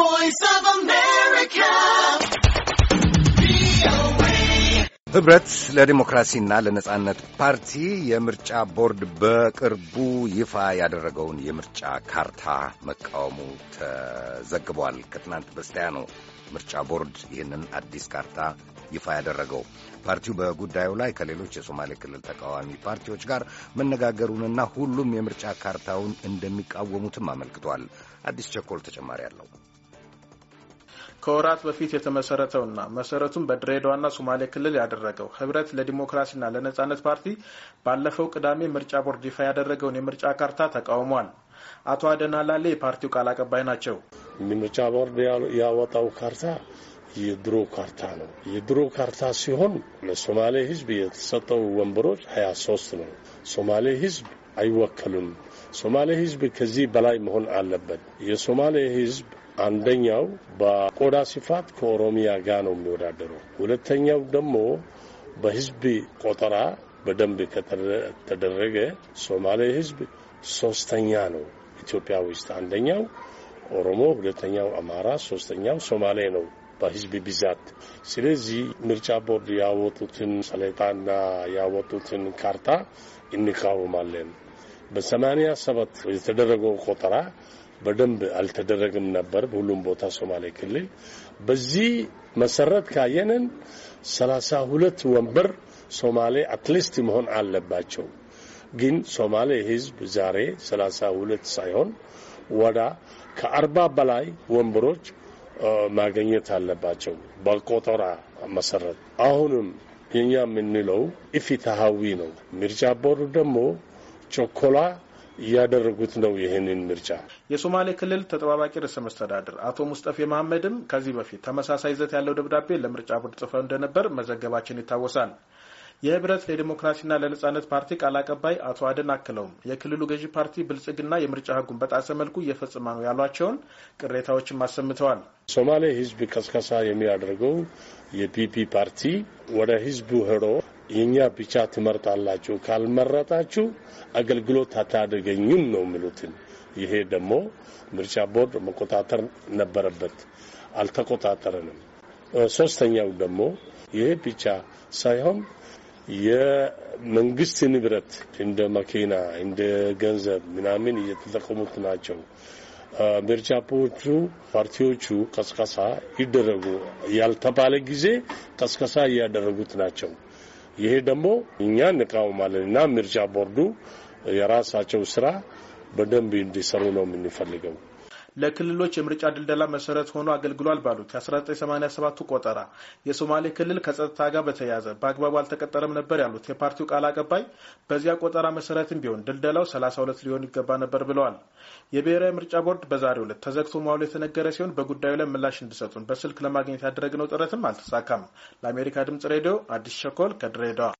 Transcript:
voice of America. ህብረት ለዲሞክራሲና ለነጻነት ፓርቲ የምርጫ ቦርድ በቅርቡ ይፋ ያደረገውን የምርጫ ካርታ መቃወሙ ተዘግቧል። ከትናንት በስቲያ ነው ምርጫ ቦርድ ይህንን አዲስ ካርታ ይፋ ያደረገው ፓርቲው በጉዳዩ ላይ ከሌሎች የሶማሌ ክልል ተቃዋሚ ፓርቲዎች ጋር መነጋገሩንና ሁሉም የምርጫ ካርታውን እንደሚቃወሙትም አመልክቷል። አዲስ ቸኮል ተጨማሪ አለው። ከወራት በፊት የተመሰረተውና መሰረቱን በድሬዳዋና ሶማሌ ክልል ያደረገው ህብረት ለዲሞክራሲና ለነጻነት ፓርቲ ባለፈው ቅዳሜ ምርጫ ቦርድ ይፋ ያደረገውን የምርጫ ካርታ ተቃውሟል። አቶ አደና ላሌ የፓርቲው ቃል አቀባይ ናቸው። ምርጫ ቦርድ ያወጣው ካርታ የድሮ ካርታ ነው። የድሮ ካርታ ሲሆን ለሶማሌ ህዝብ የተሰጠው ወንበሮች ሀያ ሶስት ነው። ሶማሌ ህዝብ አይወከሉም። ሶማሌ ህዝብ ከዚህ በላይ መሆን አለበት። የሶማሌ ህዝብ አንደኛው በቆዳ ስፋት ከኦሮሚያ ጋር ነው የሚወዳደረው። ሁለተኛው ደግሞ በህዝብ ቆጠራ በደንብ ከተደረገ ሶማሌ ህዝብ ሶስተኛ ነው ኢትዮጵያ ውስጥ። አንደኛው ኦሮሞ፣ ሁለተኛው አማራ፣ ሶስተኛው ሶማሌ ነው በህዝብ ብዛት። ስለዚህ ምርጫ ቦርድ ያወጡትን ሰሌጣና ያወጡትን ካርታ እንቃወማለን። በሰማንያ ሰባት የተደረገው ቆጠራ በደንብ አልተደረገም ነበር በሁሉም ቦታ ሶማሌ ክልል። በዚህ መሰረት ካየንን ሰላሳ ሁለት ወንበር ሶማሌ አትሊስት መሆን አለባቸው። ግን ሶማሌ ህዝብ ዛሬ ሰላሳ ሁለት ሳይሆን ወዳ ከአርባ በላይ ወንበሮች ማገኘት አለባቸው በቆጠራ መሰረት። አሁንም የኛ የምንለው ኢፍትሃዊ ነው። ምርጫ ቦርድ ደግሞ ቾኮላ እያደረጉት ነው ይህንን ምርጫ። የሶማሌ ክልል ተጠባባቂ ርዕሰ መስተዳድር አቶ ሙስጠፌ መሐመድም ከዚህ በፊት ተመሳሳይ ይዘት ያለው ደብዳቤ ለምርጫ ቦርድ ጽፈው እንደነበር መዘገባችን ይታወሳል። የህብረት ለዲሞክራሲና ለነጻነት ፓርቲ ቃል አቀባይ አቶ አደን አክለውም የክልሉ ገዢ ፓርቲ ብልጽግና የምርጫ ህጉን በጣሰ መልኩ እየፈጸመ ነው ያሏቸውን ቅሬታዎችም አሰምተዋል። ሶማሌ ህዝብ ቀስቀሳ የሚያደርገው የፒፒ ፓርቲ ወደ ህዝቡ ሄሮ የእኛ ብቻ ትመርጣላችሁ፣ ካልመረጣችሁ አገልግሎት አታደገኝም ነው የሚሉትን። ይሄ ደግሞ ምርጫ ቦርድ መቆጣጠር ነበረበት፣ አልተቆጣጠረንም። ሶስተኛው ደግሞ ይሄ ብቻ ሳይሆን የመንግስት ንብረት እንደ መኪና፣ እንደ ገንዘብ ምናምን እየተጠቀሙት ናቸው። ምርጫ ቦርዱ ፓርቲዎቹ ቀስቀሳ ይደረጉ ያልተባለ ጊዜ ቀስቀሳ እያደረጉት ናቸው። ይሄ ደግሞ እኛ እንቃወማለን እና ምርጫ ቦርዱ የራሳቸው ስራ በደንብ እንዲሰሩ ነው የምንፈልገው። ለክልሎች የምርጫ ድልደላ መሰረት ሆኖ አገልግሏል ባሉት የ1987 ቆጠራ የሶማሌ ክልል ከጸጥታ ጋር በተያያዘ በአግባቡ አልተቀጠረም ነበር ያሉት የፓርቲው ቃል አቀባይ በዚያ ቆጠራ መሰረትም ቢሆን ድልደላው 32 ሊሆን ይገባ ነበር ብለዋል። የብሔራዊ ምርጫ ቦርድ በዛሬው ዕለት ተዘግቶ መዋሉ የተነገረ ሲሆን በጉዳዩ ላይ ምላሽ እንዲሰጡን በስልክ ለማግኘት ያደረግነው ጥረትም አልተሳካም። ለአሜሪካ ድምጽ ሬዲዮ አዲስ ሸኮል ከድሬዳዋ